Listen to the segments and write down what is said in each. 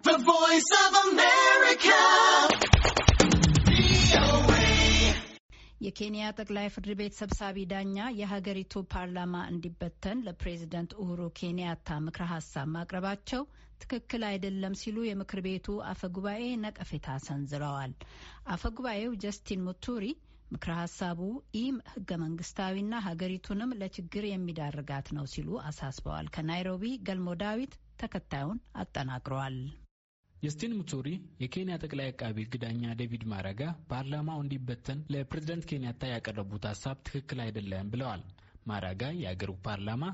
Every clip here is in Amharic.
The Voice of America. የኬንያ ጠቅላይ ፍርድ ቤት ሰብሳቢ ዳኛ የሀገሪቱ ፓርላማ እንዲበተን ለፕሬዝደንት ኡሁሩ ኬንያታ ምክረ ሀሳብ ማቅረባቸው ትክክል አይደለም ሲሉ የምክር ቤቱ አፈ ጉባኤ ነቀፌታ ሰንዝረዋል። አፈ ጉባኤው ጀስቲን ሙቱሪ ምክረ ሀሳቡ ኢም ህገ መንግስታዊና ሀገሪቱንም ለችግር የሚዳርጋት ነው ሲሉ አሳስበዋል። ከናይሮቢ ገልሞ ዳዊት ተከታዩን አጠናቅረዋል። ጀስቲን ሙቱሪ የኬንያ ጠቅላይ አቃቢ ሕግ ዳኛ ዴቪድ ማረጋ ፓርላማው እንዲበተን ለፕሬዝደንት ኬንያታ ያቀረቡት ሀሳብ ትክክል አይደለም ብለዋል። ማራጋ የአገሩ ፓርላማ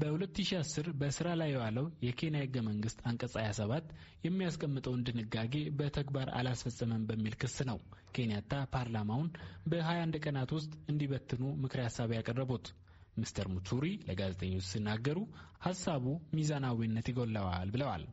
በ2010 በስራ ላይ የዋለው የኬንያ ህገ መንግስት አንቀጽ 27 የሚያስቀምጠውን ድንጋጌ በተግባር አላስፈጸመም በሚል ክስ ነው ኬንያታ ፓርላማውን በ21 ቀናት ውስጥ እንዲበትኑ ምክረ ሀሳብ ያቀረቡት። ሚስተር ሙቱሪ ለጋዜጠኞች ሲናገሩ ሀሳቡ ሚዛናዊነት ይጎላዋል ብለዋል።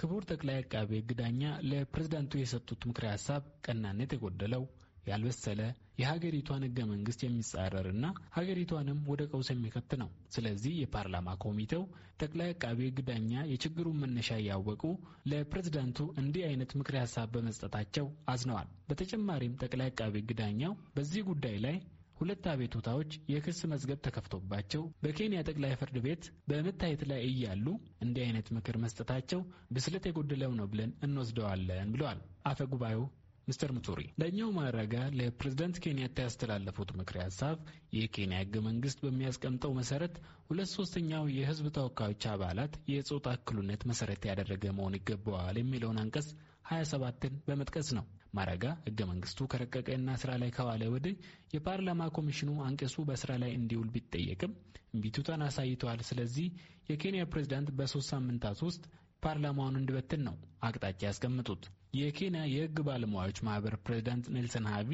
ክቡር ጠቅላይ አቃቤ ግዳኛ ዳኛ ለፕሬዝዳንቱ የሰጡት ምክረ ሀሳብ ቀናነት የጎደለው ያልበሰለ የሀገሪቷን ህገ መንግስት የሚጻረርና ሀገሪቷንም ወደ ቀውስ የሚከት ነው። ስለዚህ የፓርላማ ኮሚቴው ጠቅላይ አቃቤ ህግ ዳኛ የችግሩን መነሻ እያወቁ ለፕሬዝዳንቱ እንዲህ አይነት ምክር ሀሳብ በመስጠታቸው አዝነዋል። በተጨማሪም ጠቅላይ አቃቤ ህግ ዳኛው በዚህ ጉዳይ ላይ ሁለት አቤቱታዎች የክስ መዝገብ ተከፍቶባቸው በኬንያ ጠቅላይ ፍርድ ቤት በመታየት ላይ እያሉ እንዲህ አይነት ምክር መስጠታቸው ብስለት የጎደለው ነው ብለን እንወስደዋለን ብለዋል አፈ ጉባኤው ሚስተር ሙቱሪ ዳኛው ማረጋ ለፕሬዝዳንት ኬንያታ ያስተላለፉት ምክር ሀሳብ የኬንያ ህገ መንግስት በሚያስቀምጠው መሰረት ሁለት ሶስተኛው የህዝብ ተወካዮች አባላት የጾታ እኩልነት መሰረት ያደረገ መሆን ይገባዋል የሚለውን አንቀጽ 27ን በመጥቀስ ነው። ማረጋ ህገ መንግስቱ ከረቀቀና ስራ ላይ ከዋለ ወዲህ የፓርላማ ኮሚሽኑ አንቀጹ በስራ ላይ እንዲውል ቢጠየቅም እምቢቱታን አሳይተዋል። ስለዚህ የኬንያ ፕሬዝዳንት በሶስት ሳምንታት ውስጥ ፓርላማውን እንዲበትን ነው አቅጣጫ ያስቀምጡት። የኬንያ የህግ ባለሙያዎች ማህበር ፕሬዝዳንት ኔልሰን ሃቪ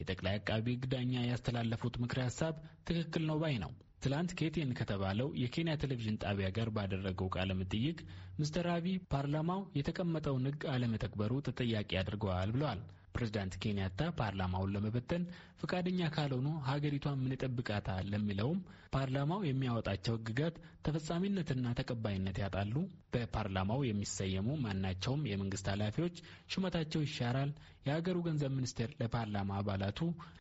የጠቅላይ አቃቢ ህግ ዳኛ ያስተላለፉት ምክረ ሀሳብ ትክክል ነው ባይ ነው። ትላንት ኬቴን ከተባለው የኬንያ ቴሌቪዥን ጣቢያ ጋር ባደረገው ቃለ ምጥይቅ ምስተር አቢ ፓርላማው የተቀመጠውን ሕግ አለመተግበሩ ተጠያቂ አድርገዋል ብለዋል። ፕሬዚዳንት ኬንያታ ፓርላማውን ለመበተን ፈቃደኛ ካልሆኑ ሀገሪቷን ምን ይጠብቃታል ለሚለውም ፓርላማው የሚያወጣቸው ሕግጋት ተፈጻሚነትና ተቀባይነት ያጣሉ፣ በፓርላማው የሚሰየሙ ማናቸውም የመንግስት ኃላፊዎች ሹመታቸው ይሻራል፣ የሀገሩ ገንዘብ ሚኒስቴር ለፓርላማ አባላቱ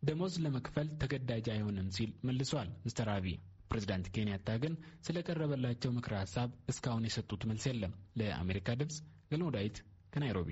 ደሞዝ ለመክፈል ተገዳጅ አይሆንም ሲል መልሷል ምስተር አቢይ። ፕሬዚዳንት ኬንያታ ግን ስለቀረበላቸው ምክረ ሀሳብ እስካሁን የሰጡት መልስ የለም። ለአሜሪካ ድምፅ ገልሞ ዳዊት ከናይሮቢ